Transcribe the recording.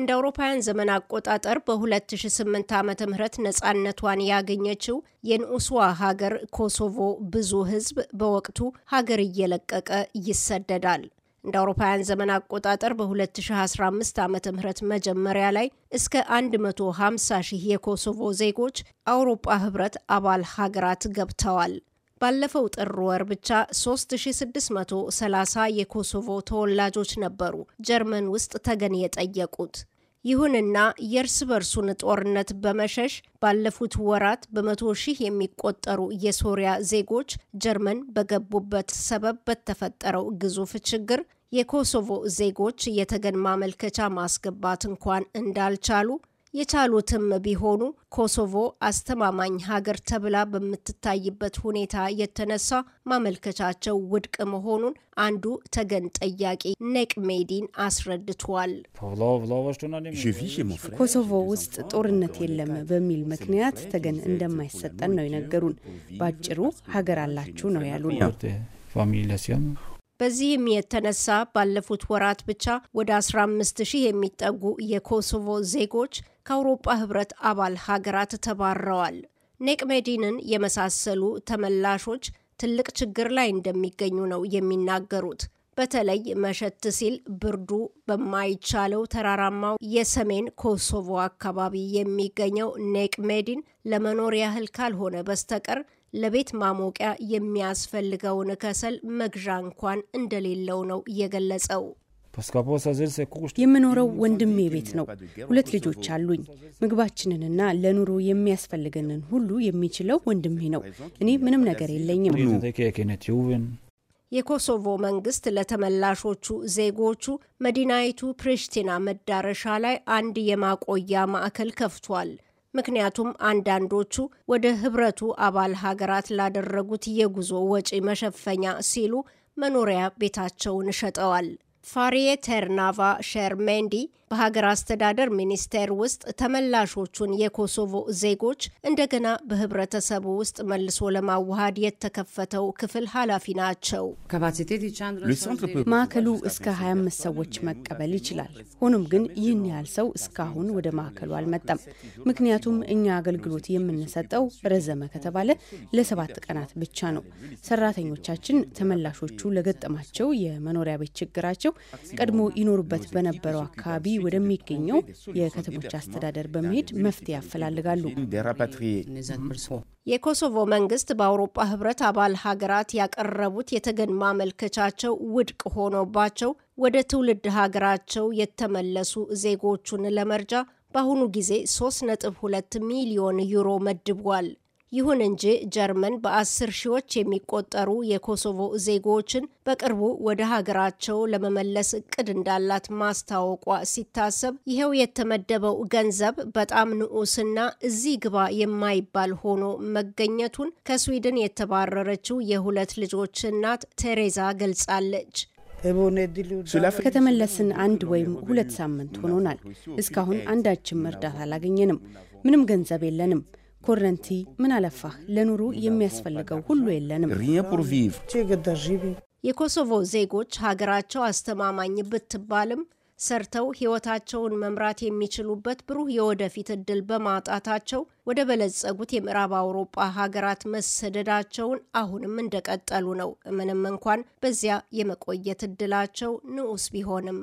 እንደ አውሮፓውያን ዘመን አቆጣጠር በ2008 ዓ ም ነፃነቷን ያገኘችው የንዑስዋ ሀገር ኮሶቮ ብዙ ሕዝብ በወቅቱ ሀገር እየለቀቀ ይሰደዳል። እንደ አውሮፓውያን ዘመን አቆጣጠር በ2015 ዓ ም መጀመሪያ ላይ እስከ 150 ሺህ የኮሶቮ ዜጎች አውሮፓ ህብረት አባል ሀገራት ገብተዋል። ባለፈው ጥር ወር ብቻ 3630 የኮሶቮ ተወላጆች ነበሩ ጀርመን ውስጥ ተገን የጠየቁት። ይሁንና የእርስ በርሱን ጦርነት በመሸሽ ባለፉት ወራት በመቶ ሺህ የሚቆጠሩ የሶሪያ ዜጎች ጀርመን በገቡበት ሰበብ በተፈጠረው ግዙፍ ችግር የኮሶቮ ዜጎች የተገን ማመልከቻ ማስገባት እንኳን እንዳልቻሉ የቻሉትም ቢሆኑ ኮሶቮ አስተማማኝ ሀገር ተብላ በምትታይበት ሁኔታ የተነሳ ማመልከቻቸው ውድቅ መሆኑን አንዱ ተገን ጠያቂ ኔቅሜዲን አስረድቷል። ኮሶቮ ውስጥ ጦርነት የለም በሚል ምክንያት ተገን እንደማይሰጠን ነው የነገሩን። በአጭሩ ሀገር አላችሁ ነው ያሉን። በዚህም የተነሳ ባለፉት ወራት ብቻ ወደ 15 ሺህ የሚጠጉ የኮሶቮ ዜጎች ከአውሮጳ ህብረት አባል ሀገራት ተባረዋል። ኔቅሜዲንን የመሳሰሉ ተመላሾች ትልቅ ችግር ላይ እንደሚገኙ ነው የሚናገሩት። በተለይ መሸት ሲል ብርዱ በማይቻለው ተራራማው የሰሜን ኮሶቮ አካባቢ የሚገኘው ኔቅሜዲን ለመኖር ያህል ካልሆነ በስተቀር ለቤት ማሞቂያ የሚያስፈልገውን ከሰል መግዣ እንኳን እንደሌለው ነው የገለጸው። የምኖረው ወንድሜ ቤት ነው። ሁለት ልጆች አሉኝ። ምግባችንንና ለኑሮ የሚያስፈልገንን ሁሉ የሚችለው ወንድሜ ነው። እኔ ምንም ነገር የለኝም። የኮሶቮ መንግስት ለተመላሾቹ ዜጎቹ መዲናይቱ ፕሪሽቲና መዳረሻ ላይ አንድ የማቆያ ማዕከል ከፍቷል። ምክንያቱም አንዳንዶቹ ወደ ህብረቱ አባል ሀገራት ላደረጉት የጉዞ ወጪ መሸፈኛ ሲሉ መኖሪያ ቤታቸውን ሸጠዋል። ፋሪዬ ተርናቫ ሸርሜንዲ በሀገር አስተዳደር ሚኒስቴር ውስጥ ተመላሾቹን የኮሶቮ ዜጎች እንደገና በህብረተሰቡ ውስጥ መልሶ ለማዋሃድ የተከፈተው ክፍል ኃላፊ ናቸው። ማዕከሉ እስከ 25 ሰዎች መቀበል ይችላል። ሆኖም ግን ይህን ያህል ሰው እስካሁን ወደ ማዕከሉ አልመጣም። ምክንያቱም እኛ አገልግሎት የምንሰጠው ረዘመ ከተባለ ለሰባት ቀናት ብቻ ነው። ሰራተኞቻችን ተመላሾቹ ለገጠማቸው የመኖሪያ ቤት ችግራቸው ያላቸው ቀድሞ ይኖሩበት በነበረው አካባቢ ወደሚገኘው የከተሞች አስተዳደር በመሄድ መፍትሄ ያፈላልጋሉ። የኮሶቮ መንግስት በአውሮፓ ህብረት አባል ሀገራት ያቀረቡት የተገን ማመልከቻቸው ውድቅ ሆኖባቸው ወደ ትውልድ ሀገራቸው የተመለሱ ዜጎቹን ለመርጃ በአሁኑ ጊዜ 3.2 ሚሊዮን ዩሮ መድቧል። ይሁን እንጂ ጀርመን በአስር ሺዎች የሚቆጠሩ የኮሶቮ ዜጎችን በቅርቡ ወደ ሀገራቸው ለመመለስ እቅድ እንዳላት ማስታወቋ ሲታሰብ ይኸው የተመደበው ገንዘብ በጣም ንዑስና እዚህ ግባ የማይባል ሆኖ መገኘቱን ከስዊድን የተባረረችው የሁለት ልጆች እናት ቴሬዛ ገልጻለች። ከተመለስን አንድ ወይም ሁለት ሳምንት ሆኖናል። እስካሁን አንዳችም እርዳታ አላገኘንም። ምንም ገንዘብ የለንም። ኮረንቲ ምን አለፋህ ለኑሮ የሚያስፈልገው ሁሉ የለንም። የኮሶቮ ዜጎች ሀገራቸው አስተማማኝ ብትባልም ሰርተው ሕይወታቸውን መምራት የሚችሉበት ብሩህ የወደፊት እድል በማጣታቸው ወደ በለጸጉት የምዕራብ አውሮጳ ሀገራት መሰደዳቸውን አሁንም እንደቀጠሉ ነው። ምንም እንኳን በዚያ የመቆየት እድላቸው ንዑስ ቢሆንም